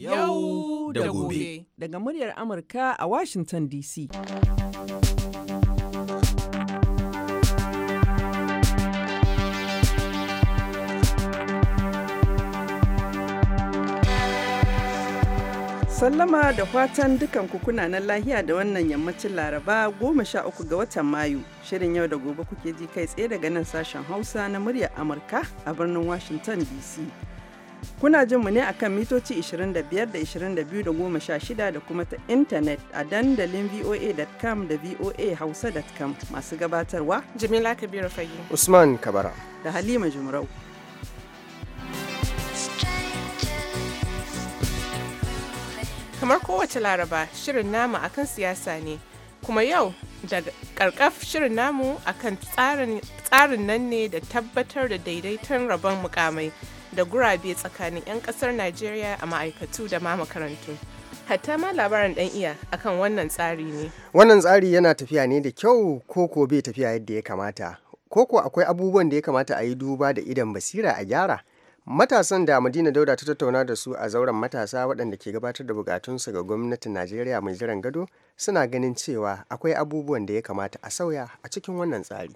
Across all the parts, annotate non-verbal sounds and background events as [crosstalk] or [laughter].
yau da gobe daga muryar amurka a washington dc sallama da fatan dukan kuna na lahiya da wannan yammacin laraba goma sha uku ga watan mayu shirin yau da gobe kuke ji kai tsaye daga nan sashen hausa na muryar amurka a birnin washington dc Kuna jin mu ne akan mitoci 25 da 22 da 16 da kuma ta intanet a dandalin voa.com da voahausa.com masu gabatarwa. Jamila Kabiru Fagi. Usman Kabara. Da Halima Jumrau. Kamar kowace laraba, shirin nama akan siyasa ne. kuma yau da karkaf shirin namu akan tsarin nan ne da tabbatar da daidaiton rabon mukamai da gurabe tsakanin 'yan kasar najeriya a ma'aikatu da ma makarantu hatta ma labaran dan iya akan wannan tsari ne wannan tsari yana tafiya ne da kyau ko bai tafiya yadda ya kamata koko akwai abubuwan da ya kamata a yi duba da idan basira a gyara matasan da madina dauda ta tattauna da su a zauren matasa waɗanda ke gabatar da bukatunsu ga gwamnatin najeriya mai jiran gado suna ganin cewa akwai abubuwan da ya kamata a sauya a cikin wannan tsari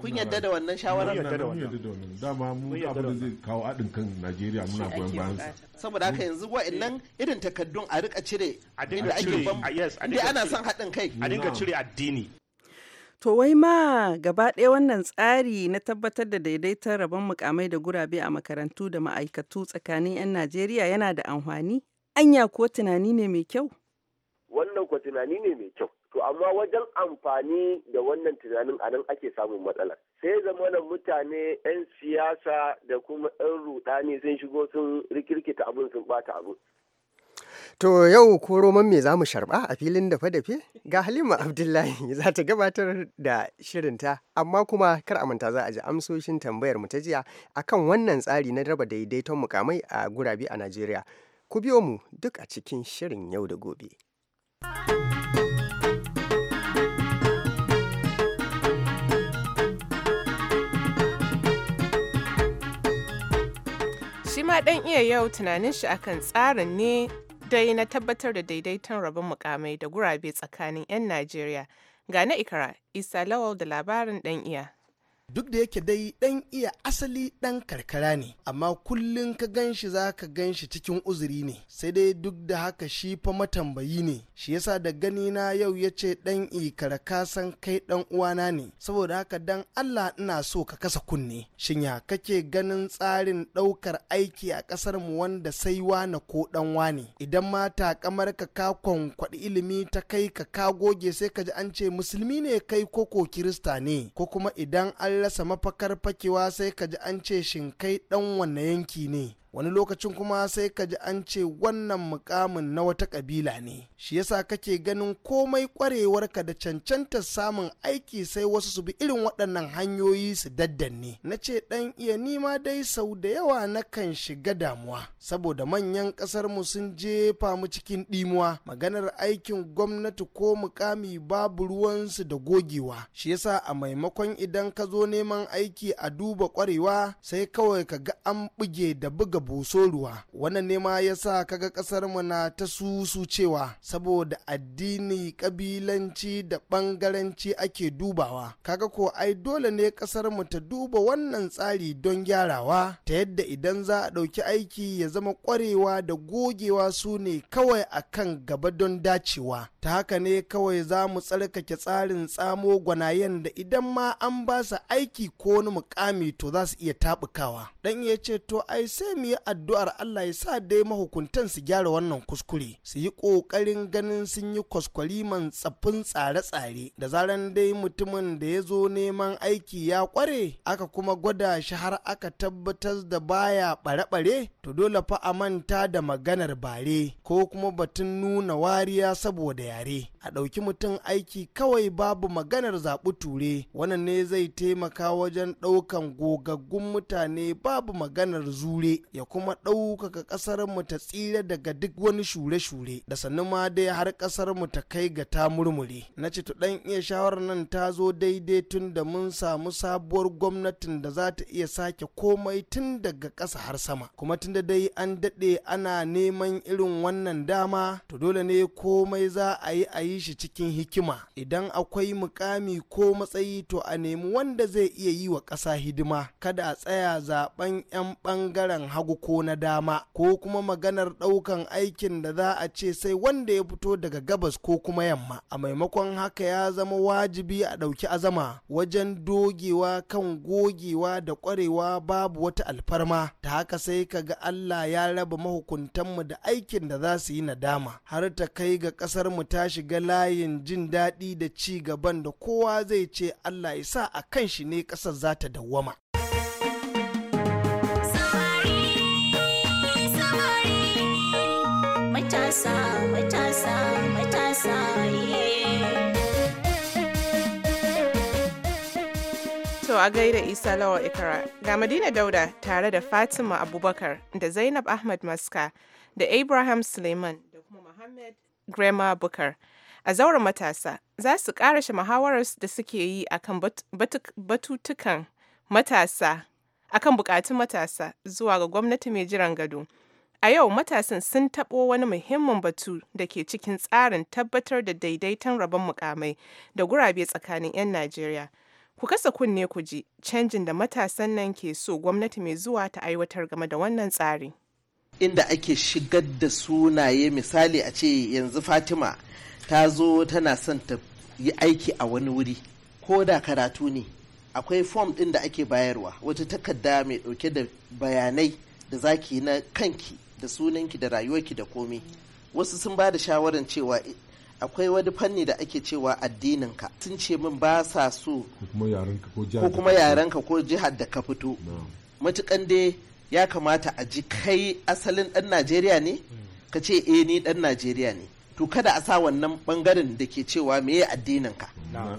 kun yadda da wannan shawarar da wannan dama mu abin da zai kawo adin kan Najeriya muna goyon bayan sa saboda haka yanzu wa innan irin takaddun a rika cire a dinga ake ban ana son haɗin kai a dinga cire addini To wai ma gaba ɗaya wannan tsari na tabbatar da daidaitar rabon mukamai da gurabe a makarantu da ma'aikatu tsakanin 'yan Najeriya yana da amfani? Anya ko tunani ne mai kyau? Wannan ko tunani ne mai kyau. To amma wajen amfani da wannan tunanin anan ake samun matsalar. Sai zamanin mutane 'yan siyasa da kuma 'yan ruɗani sun shigo sun rikirkita abin sun bata abin. To yau ko roman me za mu sharba a filin dafe-dafe ga Halima Abdullahi za ta gabatar da shirinta amma kuma kar a manta za a ji amsoshin tambayar mu ta jiya akan wannan tsari na raba daidaiton mukamai a gurabe a Najeriya. Ku biyo mu duk a cikin shirin yau da gobe. Shi ma ɗan iya yau tunanin shi akan tsarin ne dai na tabbatar da daidaiton rabin mukamai da gurabe tsakanin 'yan Najeriya. Ga na Ikara, Isa Lawal da labarin ɗan iya. duk da yake dai ɗan iya asali ɗan karkara ne amma kullum ka gan shi za ka gan shi cikin uzuri ne sai dai duk da haka shi fa matambayi ne shi yasa da gani na yau ya ce ɗan ikara ka san kai ɗan uwana ne saboda haka dan Allah ina so ka kasa kunne shin ya kake ganin tsarin ɗaukar aiki a ƙasar mu wanda sai wana ko ɗan wane idan mata kamar ka ka kwankwaɗi ilimi ta kai ka ka goge sai ka ji an ce musulmi ne kai koko kirista ne ko kuma idan an an mafakar fakewa sai ka ji an ce kai ɗan wanne yanki ne wani lokacin kuma sai ka ji an ce wannan mukamin na wata kabila ne shi yasa kake ganin komai kwarewarka da cancanta samun aiki sai wasu su bi irin waɗannan hanyoyi su daddanne na ce ɗan iya nima dai sau da yawa na kan shiga damuwa saboda manyan ƙasar mu sun jefa mu cikin ɗimuwa maganar aikin gwamnati ko mukami babu ruwansu da gogewa shi yasa a maimakon idan ka zo neman aiki a duba kwarewa sai kawai ka ga an buge da buga buso ruwa wannan ne ma ya yasa kaga kasar mu na ta susu cewa saboda addini ƙabilanci da bangaranci ake dubawa kaga ko ai dole ne kasar mu ta duba wannan tsari don gyarawa ta yadda idan za a ɗauki aiki ya zama kwarewa da gogewa su ne kawai a kan gaba don dacewa ta haka ne kawai za mu tsarkake tsarin tsamo gwanayen da idan ma an ba su aiki ko wani mukami to za su iya taɓukawa dan iya ce to ai sai mu yi yi addu'ar Allah ya sa dai mahukuntan su gyara wannan kuskure su yi ƙoƙarin ganin sun yi kwaskwari man tsaffin tsare-tsare da zaran dai mutumin da ya zo neman aiki ya ƙware aka kuma gwada shi har aka tabbatar da baya ɓare-ɓare to dole fa a manta da maganar bare ko kuma batun nuna wariya saboda yare a ɗauki mutum aiki kawai babu maganar zaɓi ture wannan ne zai taimaka wajen ɗaukan gogaggun mutane babu maganar zure ya kuma ɗaukaka ƙasar mu ta tsira daga duk wani shure-shure da sannu ma dai har ƙasar mu ta kai ga ta murmure na ce to ɗan iya shawarar nan ta zo daidai tun da mun samu sabuwar gwamnatin da za ta iya sake komai tun daga ƙasa har sama kuma tun da dai an daɗe ana neman irin wannan dama to dole ne komai za a yi a yi shi cikin hikima idan akwai mukami ko matsayi to a nemi wanda zai iya yi wa ƙasa hidima kada a tsaya zaben 'yan ɓangaren hagu ko na dama ko kuma maganar ɗaukan aikin da za a ce sai wanda ya fito daga gabas ko kuma yamma a maimakon haka ya zama wajibi a ɗauki azama wajen dogewa kan gogewa da ƙwarewa babu wata alfarma ta haka sai ka ga Allah ya raba mahukuntanmu da aikin da za su yi nadama har ta kai ga ƙasarmu mu ta shiga layin jin daɗi da ci gaban da kowa zai ce Allah ya sa a kan shi ne ƙasar za ta dawwama. Matasa, matasa, To a gaida Isa Lawal Ikara ga Madina Dauda tare da Fatima Abubakar da Zainab Ahmad Maska da Abraham Suleiman da kuma Muhammad Grema Bukar a zauren matasa za su karashe muhawarar da suke yi akan batutukan matasa akan bukatun matasa zuwa ga gwamnati mai jiran gado. A yau matasan sun taɓo wani muhimmin batu da ke cikin tsarin tabbatar da daidaiton rabon mukamai da gurabe tsakanin 'yan Najeriya. Ku kasa kunne ku ji canjin da matasan nan ke so gwamnati mai zuwa ta aiwatar game da wannan tsari. Inda ake shigar da sunaye misali a ce yanzu Fatima ta zo tana son ta yi aiki a wani wuri ko da karatu ne akwai fom ɗin da ake bayarwa wata takarda mai ɗauke da bayanai da zaki na kanki da sunanki da rayuwarki da komi wasu sun ba da shawaran cewa eh, akwai wani fanni da ake cewa addininka sun ce min ba sa so ko kuma yarenka ko jihar da ka fito matukan dai ya kamata a ji kai asalin ɗan najeriya ne hmm. ka ce eh ni ɗan najeriya ne to kada a sa wannan bangaren da ke cewa ya addinin ka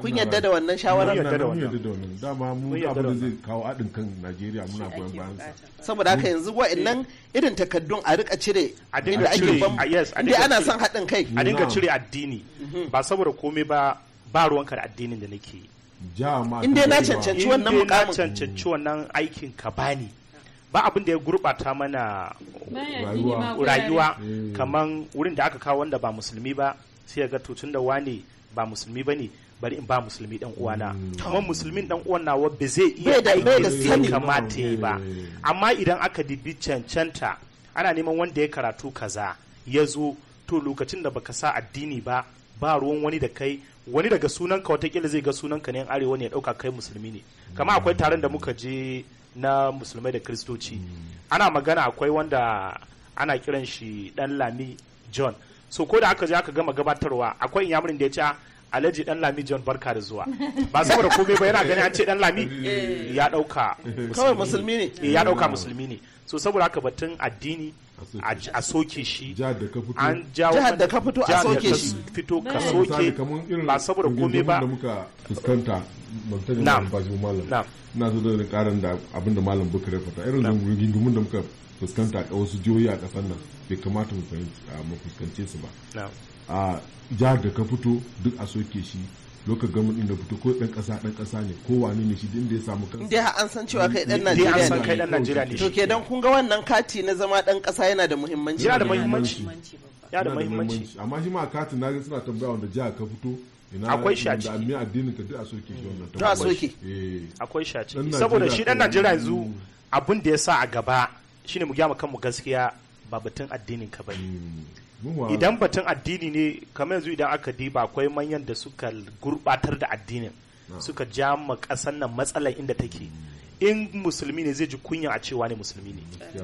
kun yadda da wannan shawarar mun yadda da wannan dama mu abu da zai kawo adin kan Najeriya muna goyon bayan sa saboda haka yanzu wa'annan irin takaddun a rika cire a dinga cire yes a dinga ana son haɗin kai a dinga cire addini mhm. ba saboda komai ba ba ruwanka da addinin da nake yi in na cancanci wannan mukamin na cancanci wannan aikin ka bani ba abin da ya gurɓata mana rayuwa eh. kamar wurin da aka kawo wanda ba musulmi ba sai ga to da wani ba musulmi ba ne bari in ba musulmi dan uwana mm. kuma musulmin dan uwan nawa ba zai iya da da kamata yi ba eh. amma idan aka dibi cancanta ana neman wanda ya karatu kaza ya zo to lokacin da baka sa addini ba ba ruwan wani da kai wani daga sunanka watakila zai ga sunanka ne arewa ne ya dauka kai musulmi ne kama akwai taron da muka je na musulmai da kristoci hmm. ana magana akwai wanda ana kiran shi dan lami john so ko da aka je aka gama gabatarwa akwai inyamurin da ya ce ah, alhaji dan lami john barka da zuwa [laughs] ba saboda komai ba yana gani an ce dan lami [laughs] eh. ya dauka kawai musulmi ne eh, ya dauka musulmi ne so saboda haka batun addini a soke shi an jawo da ka fito a soke shi fito ka soke ba saboda komai ba martani malam fashi malam ina zo da karin da abin da malam bukar ya fata irin rigingimun da muka fuskanta a wasu jihohi a kasar nan bai kamata mu fuskance su ba a jihar da ka fito duk a soke shi lokacin gamin da fito ko dan kasa dan kasa ne ko wani ne shi din da ya samu kansa dai an san cewa kai dan Najeriya ne an san dan kun ga wannan kati na zama dan kasa yana da muhimmanci yana da muhimmanci yana da muhimmanci amma shi ma katin na suna tambaya wanda jiha ka fito akwai shaci. a ciki addinin ka duk a soke shi wannan to soke eh. akwai shaci saboda shi dan Najeriya yanzu abin da ya sa a gaba shine mu gyama kanmu gaskiya ba batun addinin ka bane hmm. idan batun addini ne kamar yanzu idan aka diba akwai manyan da suka gurbatar da addinin ah. suka ja ma ƙasar nan matsalar inda take hmm. in musulmi ne zai ji kunya a cewa ne musulmi ne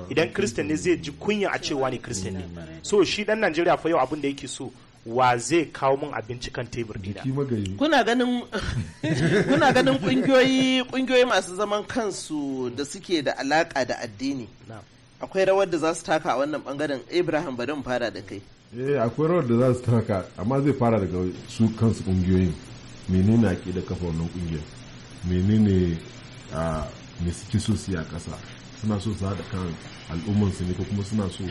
idan kristan ne zai ji kunya a cewa ne kristan ne hmm. so shi dan najeriya fa yau abin da yake so wa zai kawo mun abinci kan tebur dina kuna ganin [laughs] kuna ganin kungiyoyi kungiyoyi masu zaman kansu da suke da alaka da addini akwai rawar da za su taka a wannan bangaren ibrahim bari mu fara da kai eh akwai rawar da za su taka amma zai fara daga su kansu kungiyoyin menene ake da kafa wannan kungiyar menene a me suke so su yi a ƙasa suna so su haɗa kan al'ummansu ne ko kuma suna so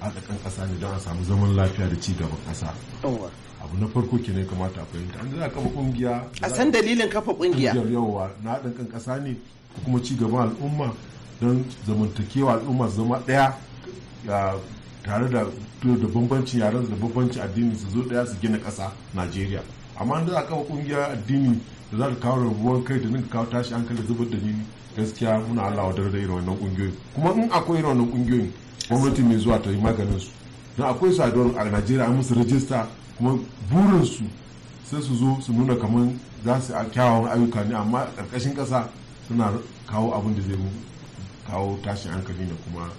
haɗakan ƙasa ne don a samu zaman lafiya da ci gaban ƙasa abu na farko ke ne kamata a fahimta an za kafa ƙungiya a san dalilin kafa ƙungiya yawa na haɗin kan ƙasa ne ko kuma ci gaban al'umma don zamantakewa al'umma zama ɗaya tare da da bambancin yaren da bambancin addini su zo ɗaya su gina ƙasa najeriya amma an za a kafa ƙungiya addini da za ta kawo rabuwan kai da ninka kawo tashi hankali zubar da jini gaskiya muna allawa da irin wannan ƙungiyoyi kuma in akwai irin wannan ƙungiyoyin gwamnati mai zuwa ta yi maganin su don akwai su a a najeriya an musu rajista kuma burinsu sai su zo su nuna kamar za su a kyawawan ayyuka ne amma karkashin ƙasa suna kawo abin da zai kawo tashin hankali da kuma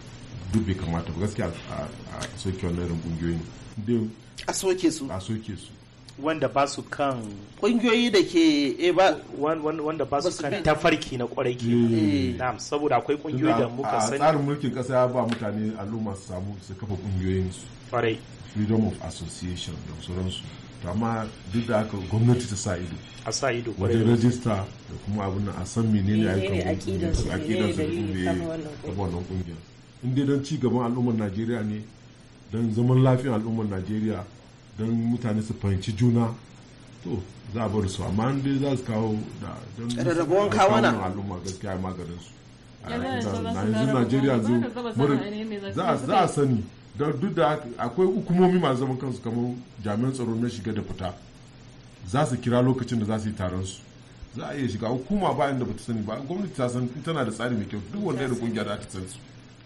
duk bai kamata ba gaskiya a soke wannan ƙungiyoyin a soke su a soke su wanda ba su kan kungiyoyi da ke e ba wanda ba su kan tafarki na kwarai ke hmm. na'am saboda akwai kungiyoyi da muka sani a tsarin mulkin kasa ya ba mutane al'umma su samu su kafa kungiyoyin su farai freedom of association da sauransu to amma duk da haka gwamnati ta sa ido a sa ido wajen rajista da kuma abin a san menene ayyukan su akidar su ne da wannan kungiyar in dai don ci gaban al'ummar Najeriya ne don zaman lafiyar al'ummar Najeriya don mutane su fahimci juna to za a bar su amma dai za su kawo da don kawana al'umma gaskiya maganin su yanzu najeriya za a sani don duk da akwai hukumomi masu zaman kansu kamar jami'an tsaro na shiga da fita za su kira lokacin da za su yi taron su za a iya shiga hukuma ba inda ba ta sani ba gwamnati ta san tana da tsari mai kyau duk wanda da kungiya da ta san su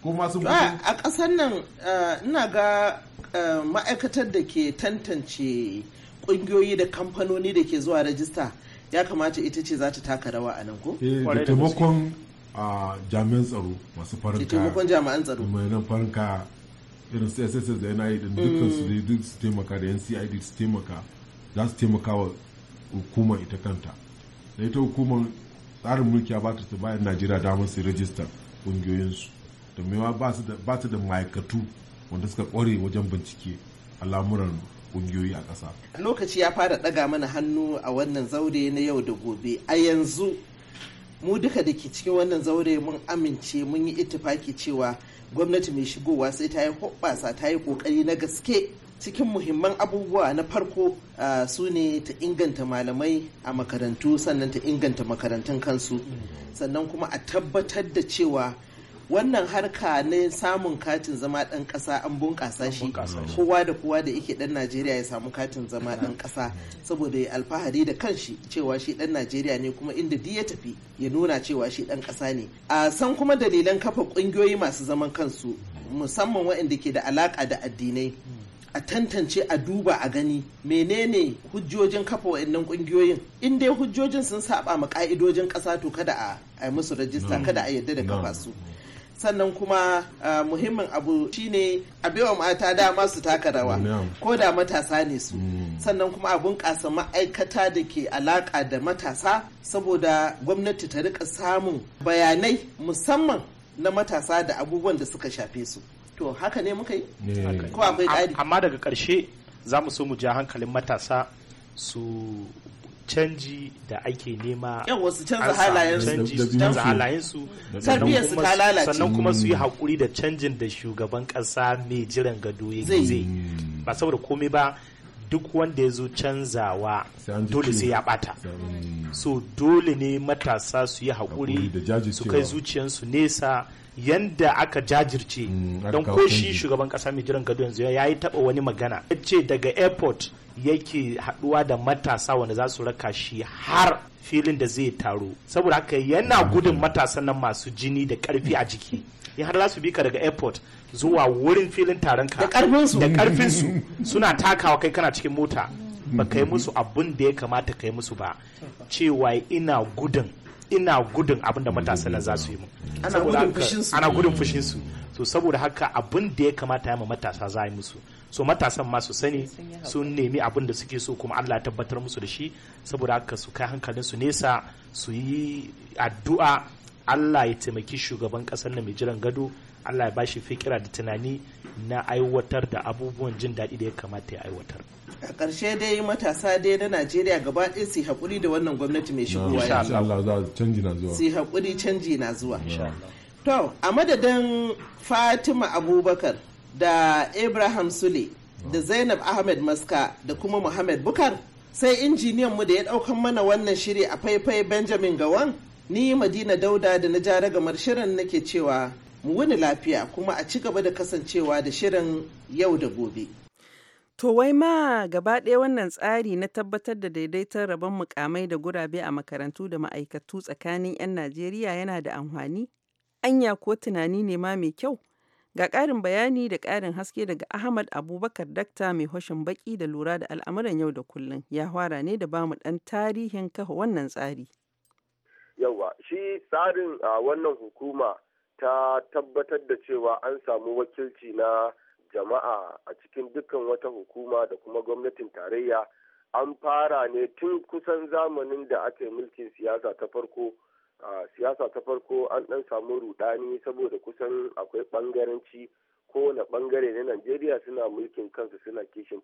ko ma sun a kasar nan eh, ina ga Eh, ma'aikatar da ke tantance kungiyoyi da kamfanoni da ke zuwa rajista ya kamata ita ce za ta taka rawa a nan ko? Eh, da taimakon ah, jami'an tsaro masu farin kaya. taimakon jami'an tsaro. mai nan farin kaya irin su sss da yanayi din mm. dukkan su dai duk su taimaka da ncid su taimaka za su taimaka wa hukumar ita kanta da ita hukumar tsarin mulki ya bata ta bayan najeriya damar su rajista kungiyoyinsu domin ba su da ma'aikatu wanda suka kware wajen bincike al'amuran kungiyoyi a ƙasa. lokaci ya fara ɗaga mana hannu a wannan zaure na yau da gobe a yanzu mu duka da ke cikin wannan zaure mun amince mun yi ittifaki cewa gwamnati mai shigowa sai ta yi hoɓɓasa ta yi ƙoƙari na gaske cikin muhimman abubuwa na farko su ne ta inganta malamai a makarantu sannan ta inganta makarantun kansu sannan kuma a tabbatar da cewa wannan harka ne samun katin zama ɗan ƙasa an bunƙasa shi kowa da kowa da yake ɗan najeriya ya samu katin zama dan kasa saboda ya alfahari da kanshi cewa shi ɗan najeriya ne kuma inda duk ya tafi ya nuna cewa shi ɗan kasa ne a san kuma dalilan kafa kungiyoyi masu zaman kansu musamman waɗanda ke da alaƙa da addinai a tantance a duba a gani menene hujjojin kafa wa'annan kungiyoyin in dai hujjojin sun saba ma ƙa'idojin ƙasa to kada a yi musu rajista kada a yadda da kafa su sannan kuma muhimmin abu shine a baiwa mata dama su taka rawa ko da matasa ne su mm. sannan kuma abun bunƙasa ma'aikata da ke alaƙa da matasa saboda gwamnati ta rika samun bayanai musamman na matasa da abubuwan da suka shafe su to haka ne muka yi ko akwai ƙari amma daga ƙarshe za mu so mu ja hankalin matasa su canji da ake nema yawa su canza halayensu sannan kuma su yi haƙuri da canjin da shugaban ƙasa mai jiran gado ya zai ba saboda komai ba duk wanda ya zo canzawa dole sai ya bata so dole ne matasa su yi haƙuri su kai zuciyarsu nesa yanda aka jajirce mm, don ko shi shugaban kasa mai jiran gado yanzu ya yi taba wani magana ya ce daga airport yake haduwa da matasa wanda za su raka shi har filin da zai taro saboda haka yana gudun matasan nan masu jini da karfi a jiki in har za su bi ka daga airport zuwa wurin filin taron ka da karfin su suna takawa kai kana cikin mota ba kai musu abun da ya kamata kai musu ba cewa ina gudun ina gudun abin da matasan nan za su yi mu ana gudun fushinsu to saboda haka abun da ya kamata ya ma matasa za yi musu so matasan masu sani sun nemi abin da suke so kuma Allah tabbatar musu da shi saboda haka su kai hankalin su nesa su yi addu'a Allah ya taimaki shugaban kasar na mai jiran gado Allah ya bashi fikira da tunani na aiwatar da abubuwan jin daɗi da ya kamata ya aiwatar. a ƙarshe dai matasa dai na najeriya gaba ɗaya su haƙuri da wannan gwamnati mai shigowa haƙuri canji na zuwa to a madadin fatima abubakar da Ibrahim Sule da Zainab Ahmed Maska da kuma Muhammad Bukar sai injiniyan mu da ya daukan mana wannan shiri a faifai Benjamin Gawan ni Madina Dauda da na ja ragamar shirin nake cewa mu wuni lafiya kuma a ci gaba da kasancewa da shirin yau da gobe. To wai ma gaba ɗaya wannan tsari na tabbatar da daidaitar rabon mukamai da gurabe a makarantu da ma'aikatu tsakanin 'yan Najeriya yana da amfani? Anya ko tunani ne ma mai kyau? Ga ƙarin bayani da ƙarin haske daga Ahmad Abubakar Dakta mai hoshin baki da lura da al'amuran yau da kullum ya fara ne da bamu ɗan tarihin kafa wannan tsari. Yawwa, shi tsarin a wannan hukuma ta tabbatar da cewa an samu wakilci na jama'a a cikin dukkan wata hukuma da kuma gwamnatin tarayya an fara ne tun kusan zamanin da ake mulkin siyasa ta farko siyasa ta farko an dan samu rudani saboda kusan akwai ɓangaranci kowane bangare na najeriya suna mulkin kansu suna kishin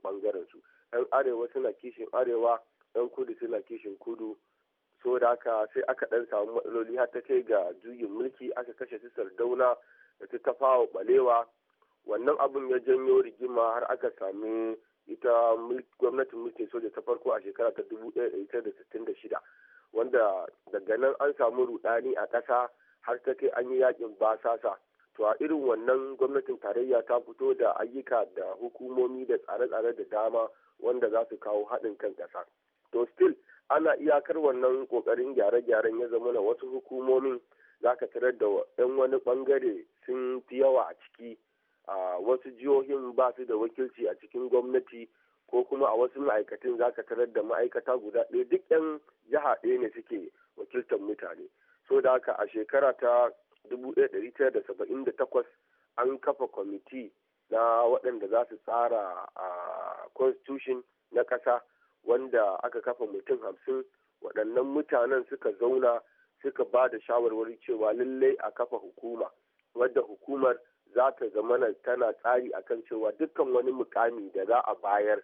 su yan arewa suna kishin arewa yan kudu suna kishin kudu so da haka sai aka dan samu matsaloli har ta kai ga juyin mulki aka kashe su sardauna da ta tafawa balewa wannan abun ya janyo rigima har aka sami ita gwamnatin mulkin soja ta farko a shekara ta shida. wanda daga nan an samu rudani a ƙasa har ta kai an yi yakin basasa to a irin wannan gwamnatin tarayya ta fito da ayyuka da hukumomi da tsare-tsare da dama wanda za su kawo haɗin kan ƙasa to still ana iyakar wannan ƙoƙarin gyare-gyaren ya zama na wasu hukumomin za ka tarar da 'yan wani ɓangare sun fi yawa a ciki a wasu jihohin ba su da wakilci a cikin gwamnati ko kuma a wasu ma'aikatan za ka tarar da ma'aikata guda ɗaya duk 'yan jiha ɗaya ne suke wakiltar mutane so da haka a shekara ta 1978 an kafa kwamiti na waɗanda za su tsara a constitution na ƙasa wanda aka kafa mutum hamsin waɗannan mutanen suka zauna suka ba da shawarwari cewa lallai a kafa hukuma wadda hukumar za ta zamana tana tsari akan cewa dukkan wani mukami da za a bayar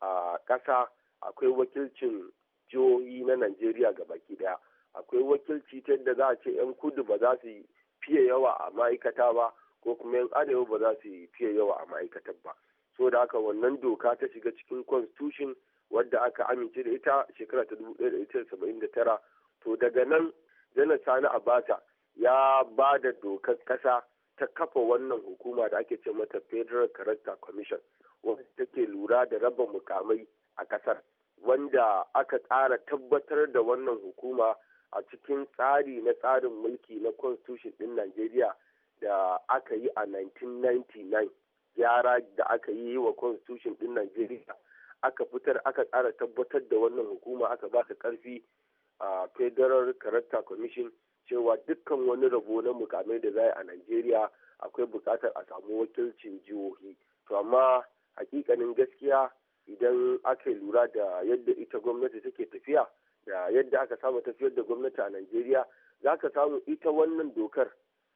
a ƙasa akwai wakilcin jihohi na najeriya ga baki daya akwai wakilci ta da za a ce 'yan kudu ba za su fiye yawa a ma'aikata ba ko kuma 'yan arewa ba za su fiye yawa a ma'aikatan ba so da haka wannan doka ta shiga cikin constitution wadda aka amince da ita shekara ta 1979 to daga nan jana sani abata ya ba da dokar kasa ta kafa wannan hukuma da ake ce mata federal character commission wanda take lura da raba mukamai a kasar wanda aka tsara tabbatar da wannan hukuma a cikin tsari na tsarin mulki na constitution din Najeriya da aka yi a 1999 gyara da aka yi wa constitution din Najeriya aka fitar aka tsara tabbatar da wannan hukuma aka ba ta karfi a federal character commission cewa dukkan wani rabo na mukamai da za a Najeriya akwai bukatar a samu wakilcin jihohi to amma hakikanin gaskiya idan aka lura da yadda ita gwamnati take tafiya da yadda aka saba tafiyar da gwamnati a najeriya za ka samu ita wannan dokar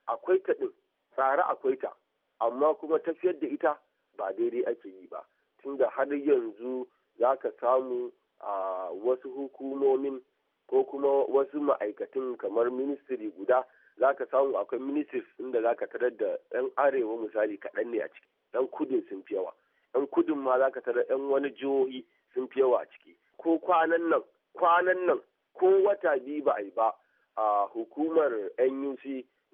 akwai ta ɗin tsara akwai ta amma kuma tafiyar da ita ba daidai ake yi ba tunda har yanzu za ka samu a wasu hukumomin ko kuma wasu ma'aikatan kamar ministry guda za ka samu akwai ministries inda za ka tarar da 'yan arewa misali kaɗan ne a ciki 'yan kudin sun fi yawa 'yan kudin ma za ka tara 'yan wani jihohi sun fi yawa a ciki ko kwanan nan kwanan nan ko wata biyu ba a yi ba a hukumar nuc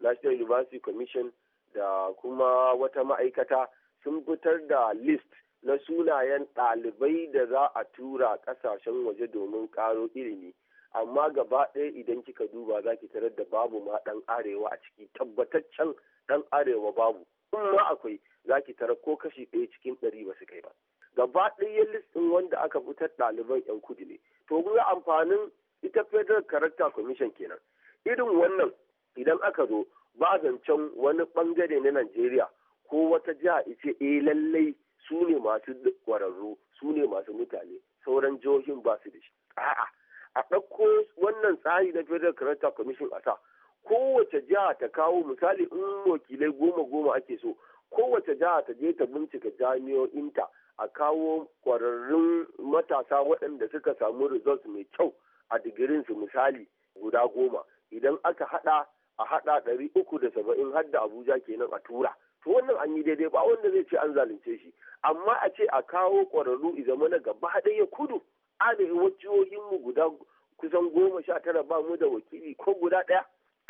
national university commission da kuma wata ma'aikata sun fitar da list na sunayen ɗalibai da za a tura ƙasashen waje domin ƙaro ilimi amma gaba ɗaya idan kika duba za ki tarar da babu ma ɗan arewa a ciki tabbataccen ɗan arewa babu in ma akwai za ki tara ko kashi ɗaya cikin ɗari ba su kai ba gaba ɗaya listin wanda aka fitar ɗaliban yan kudi ne to kuma amfanin ita federal character commission kenan irin wannan idan aka zo ba zancen wani bangare na najeriya ko wata jiha ice eh lallai su ne masu kwararru su ne masu mutane sauran jihohin ba su da shi a'a a ɗauko wannan tsari na federal character commission a sa kowace jiha ta kawo misali in wakilai goma goma ake so kowace jiha ta je ta bincika jami'o'inta a kawo kwararrun matasa waɗanda suka samu results mai kyau a digirinsu misali guda goma idan aka hada a hada ɗari uku da saba'in har da abuja kenan a tura to wannan an yi daidai ba wanda zai ce an zalunce shi amma a ce a kawo kwararru izama na gaba ya kudu arewa wajiyoyinmu guda kusan goma sha tara ba mu da wakili ko guda ɗaya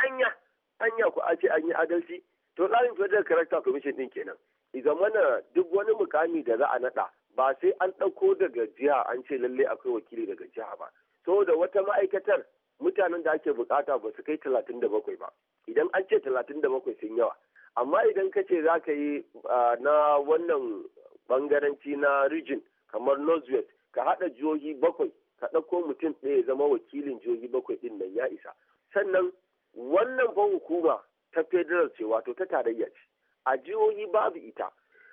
anya anya ku a ce an yi adalci to tsarin federal character commission din kenan idan mana duk wani mukami da za a naɗa ba sai an ɗauko daga jiha an ce lallai akwai wakili daga jiha ba saboda wata ma'aikatar mutanen da ake bukata ba su kai talatin da bakwai ba idan an ce talatin da bakwai sun yawa amma idan ka ce za ka yi na wannan bangaranci na region kamar northwest ka haɗa jihohi bakwai ka ɗauko mutum ɗaya zama wakilin jihohi bakwai ɗin nan ya isa sannan wannan fa hukuma ta federal ce wato ta tarayya ce a jihohi babu ita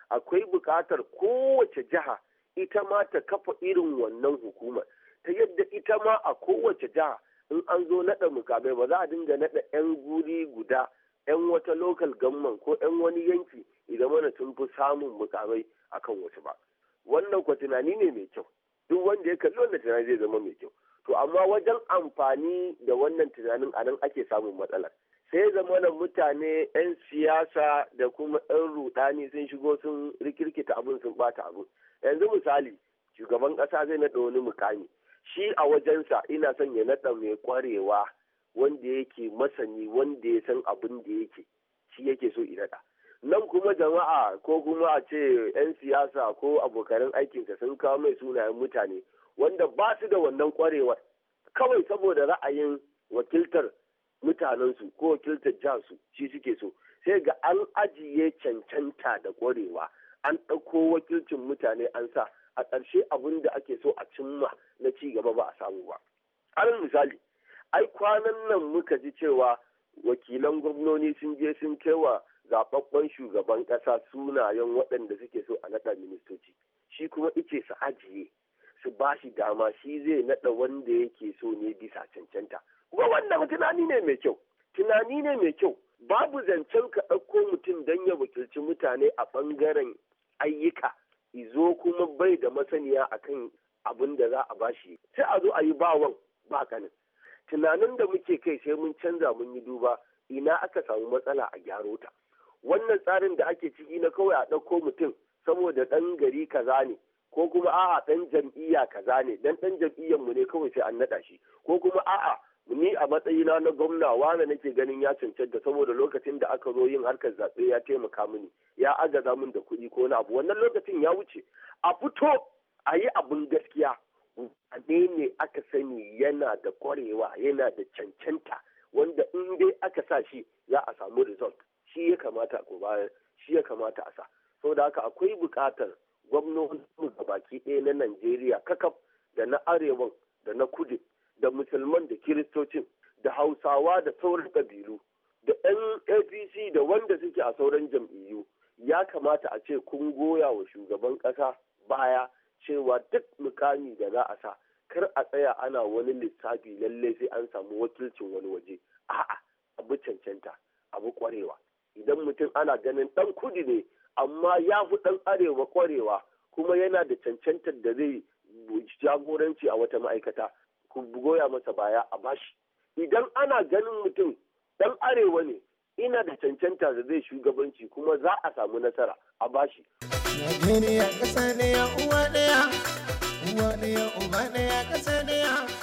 akwai buƙatar kowace jiha ita ma ta kafa irin wannan hukumar ta yadda ita ma a kowace jiha in an zo naɗa mukamai ba za a dinga naɗa 'yan guri guda 'yan wata lokal gamman ko 'yan wani yanki idan mana tun fi samun mukamai akan wasu ba wannan kwa tunani ne mai kyau duk wanda ya kalli wannan tunani zai zama mai kyau to amma wajen amfani da wannan tunanin anan ake samun matsalar sai zamanin mutane 'yan siyasa da kuma 'yan rudani sun shigo sun rikirkita abin sun bata abin yanzu misali shugaban kasa zai naɗa wani mukami shi a wajensa ina son ya naɗa mai kwarewa wanda yake masani wanda ya san abin da yake shi yake so da nan kuma jama'a ko kuma a ce 'yan siyasa ko abokanan aikinsa sun kawo mai sunayen mutane wanda ba su da wannan kwarewar kawai saboda ra'ayin wakiltar mutanensu ko wakiltar jansu shi suke so sai ga an ajiye cancanta da kwarewa an ɗauko wakilcin mutane an sa a ƙarshe abin da ake so a cimma na ci gaba ba a samu ba alal misali ai kwanan nan muka ji cewa wakilan gwamnoni sun je sun kaiwa zaɓaɓɓen shugaban ƙasa sunayen waɗanda suke so a naɗa ministoci shi kuma ike su ajiye su ba shi dama shi zai naɗa wanda yake so ne bisa cancanta kuma wannan tunani ne mai kyau tunani ne mai kyau babu zancen ka ɗauko mutum don ya wakilci mutane a ɓangaren ayyuka izo kuma bai da masaniya akan abin da za a bashi sai a zo a yi bawan ba kanin tunanin da muke kai sai mun canza mun yi duba ina aka samu matsala a gyaro ta wannan tsarin da ake ciki na kawai a ɗauko mutum saboda ɗan gari kaza ne ko kuma a'a dan jam'iyya kaza ne dan dan jam'iyyar mu ne kawai sai an nada shi ko kuma a'a ni a matsayina na gwamna wane nake ganin ya cancanta saboda lokacin da aka zo yin harkar zaɓe ya taimaka mini ya agaza mun da kuɗi ko na abu wannan lokacin ya wuce a fito a yi abin gaskiya ne ne aka sani yana da kwarewa yana da cancanta wanda in dai aka sa shi za a samu result shi ya kamata ko bayan shi ya kamata a sa saboda haka akwai buƙatar gwamnonin baki ɗaya na Najeriya kakaf da na arewan da na kudu da musulman da kiristocin da hausawa da sauran ƙabilu da 'yan apc da wanda suke a sauran jam'iyyu ya kamata a ce kun goya wa shugaban ƙasa baya cewa duk mukami da za a sa kar a tsaya ana wani lissafi lallai sai an samu wakilcin wani waje a'a abu cancanta abu kwarewa idan mutum ana ganin ɗan kudi ne amma ya fi ɗan arewa ƙwarewa kuma yana da cancantar da zai jagoranci a wata ma'aikata ku goya masa baya a bashi idan ana ganin mutum ɗan arewa ne ina da cancanta da zai shugabanci kuma za a samu nasara a bashi. Najeriya ƙasa ne ya uwa ɗaya, uwa ɗaya, uba ɗaya ƙasa ɗaya.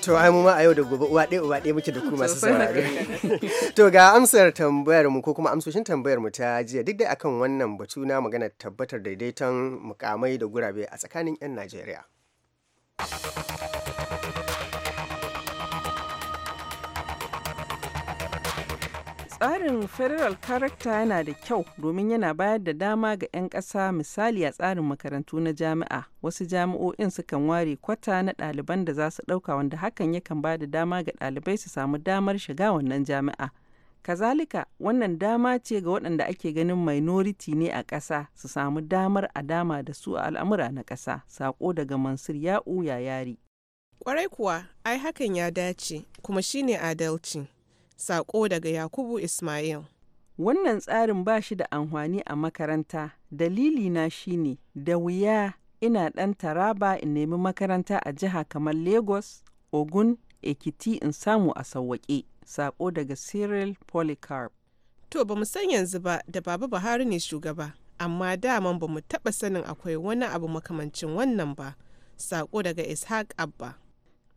To ai mu ma a yau da gobe uwa ɗaya uwa ɗaya muke da ku masu saurare. To ga amsar tambayar mu ko kuma amsoshin tambayar mu ta jiya duk da akan wannan batu na magana tabbatar daidaiton mukamai da gurabe a tsakanin 'yan Najeriya. Tsarin Federal Character yana da kyau domin yana bayar da dama ga 'yan ƙasa misali a tsarin makarantu na jami'a. Wasu jami'o'in sukan ware kwata na ɗaliban da za su ɗauka wanda hakan yakan ba da dama ga ɗalibai su samu damar shiga wannan jami'a. Kazalika wannan dama ce ga waɗanda ake ganin minority ne a ƙasa su samu damar a dama da su a al'amura na ƙasa. Sako daga Mansur Ya'u yari. Kwarai kuwa, ai hakan ya dace, kuma shine adalci. Sako daga Yakubu Ismail. Wannan tsarin ba shi da amfani a makaranta, dalili na shine da wuya ina ɗan taraba in nemi makaranta a jiha kamar Lagos, Ogun, Ekiti in samu a sauwaƙe. Sako daga Cyril Polycarp. To ba san yanzu ba da Baba Buhari ne shugaba, amma daman ba mu taɓa sanin akwai wani abu makamancin wannan ba. Sako daga Ishaq Abba.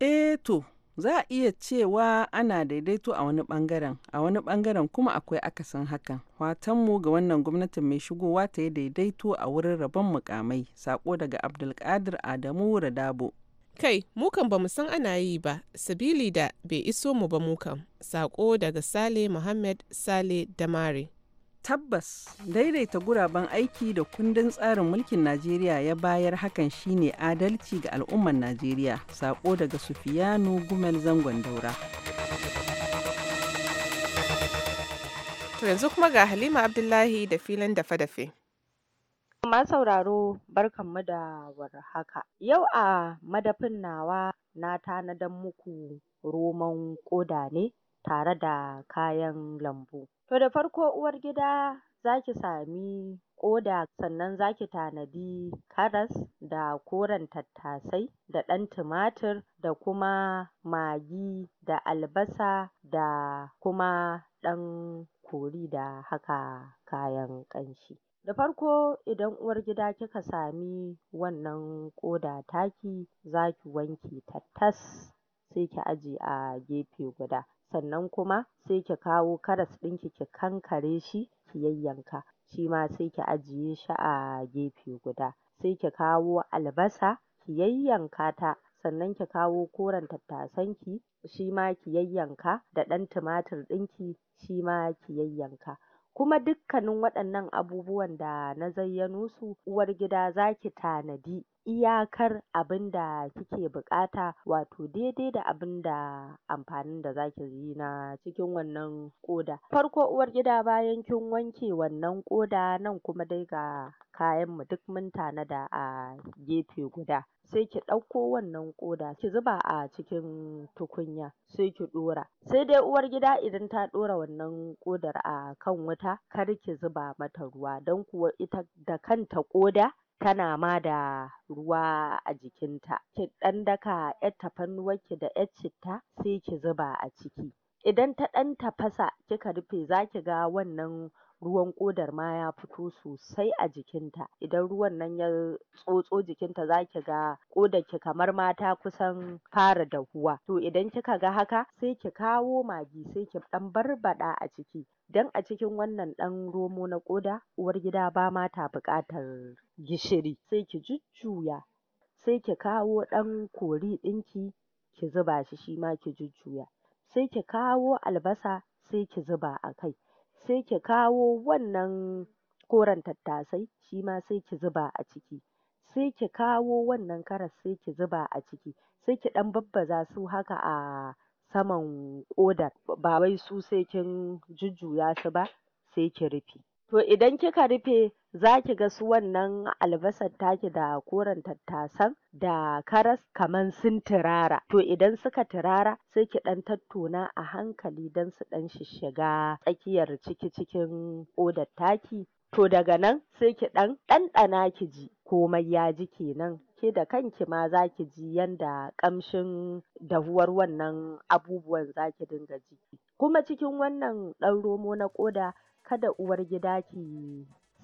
Eh to, Za a iya cewa ana daidaito a wani bangaren, a wani bangaren kuma akwai akasin hakan. watanmu ga wannan gwamnatin mai shigowa ta yi daidaito a wurin rabon mukamai. Sako daga Abdulkadir Adamu Radabo. Kai, mukan ba san ana yi ba, sabili da bai iso mu ba mukan. Sako daga Sale Muhammad Sale damari Tabbas daidaita guraben aiki da kundin tsarin mulkin Najeriya ya bayar hakan shine adalci ga al'umman Najeriya. Sako daga Sufiyanu Gumel Zangon Daura. yanzu kuma ga Halima Abdullahi da filin dafe-dafe. Ma sauraro barkanmu da haka Yau a madafin nawa na tanadan muku roman koda ne tare da kayan lambu. To da farko uwargida zaki sami ƙoda sannan zaki tanadi karas da koren tattasai da ɗan tumatir, da kuma magi da albasa da kuma ɗan kori da haka kayan ƙanshi. Da farko idan uwargida kika sami wannan ƙoda taki zaki wanke ta tas sai ki ajiye a gefe guda. sannan kuma sai ki kawo karas ɗin ki kankare shi ki yayyanka shima sai ki ajiye shi a gefe guda sai ki kawo albasa ki yayyanka ta sannan ki kawo koren tattasanki, ki shima ki yayyanka da ɗan tumatir ɗinki, ki shima ki yayyanka kuma dukkanin waɗannan abubuwan da na zayyano su uwar uwargida zaki tanadi iyakar abinda kike buƙata wato daidai da abinda amfanin da zaki yi na cikin wannan ƙoda farko uwargida bayan kin wanke wannan ƙoda nan kuma dai ga kayan mu duk mun tanada a gefe guda sai ki ɗauko wannan ƙoda ki zuba a cikin tukunya sai ki ɗora sai dai uwargida idan ta ɗora wannan ƙodar a kan wuta kar ki zuba mata ruwa don kuwa ita da kanta ƙoda tana ma da ruwa a jikinta ki ɗan daka ƴar tafarnuwarki da ƴar citta sai ki zuba a ciki idan ta ɗan tafasa kika rufe zaki ga wannan ruwan ƙodar ma ya fito sosai a jikinta idan ruwan nan ya tsotso jikinta ki ga ƙodar ki kamar ma ta kusan fara dahuwa to idan kika ga haka sai ki kawo maggi sai ki ɗan barbaɗa a ciki dan a cikin wannan ɗan romo na ƙoda gida ba ma ta buƙatar gishiri sai ki jujjuya sai ki kawo ɗan kori ɗinki ki zuba shi shima ki jujjuya sai ki kawo albasa sai ki zuba a kai sai ki kawo wannan koren tattasai shima sai ki zuba a ciki sai ki kawo wannan karas sai ki zuba a ciki sai ki ɗan babbaza su haka a saman ƙodar ba wai su sai kin jujjuya su ba sai ki rufe. to idan kika rufe zaki ga su wannan albasar taki da koren tattasan da karas kaman sun tirara to idan suka tirara sai ki ɗan tattona a hankali dan su ɗan shishiga tsakiyar ciki cikin odar taki to daga nan sai ki ɗan ɗanɗana ki ji komai ya ji kenan ke da kanki ma za ki ji yanda ƙamshin dahuwar wannan abubuwan za ki dinga ji kuma cikin wannan ɗan romo na ƙoda kada uwargida ki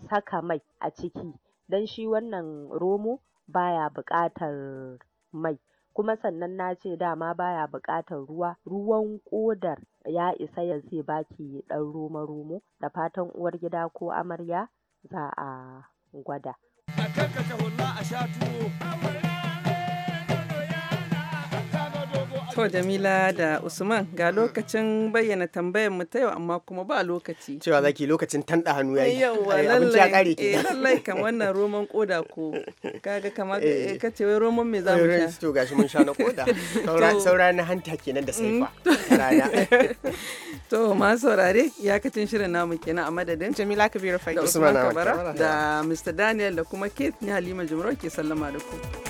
saka mai a ciki dan shi wannan romo baya buƙatar mai kuma sannan na ce dama baya buƙatar ruwa ruwan ƙodar ya isa ya zai baki ɗan romo romo da fatan uwargida ko amarya za'a gwada a gwada. To Jamila da Usman ga lokacin bayyana tambayar mu ta yau amma kuma ba lokaci. Cewa zaki lokacin tanda hannu yayi. Yawwa eh, lallai eh lallai kan wannan roman koda ko kaga kamar [laughs] eh. Eh, ka ce wai roman me za mu sha. To gashi mun sha na koda. [laughs] Saura na hanta kenan da saifa. [laughs] To ma saurare ya kacin shirin namu kenan a madadin. Jamila Kabiru Fai. Da Usman Kabara da Mr. Daniel da kuma Keith ni Halima Jumro ke sallama da ku.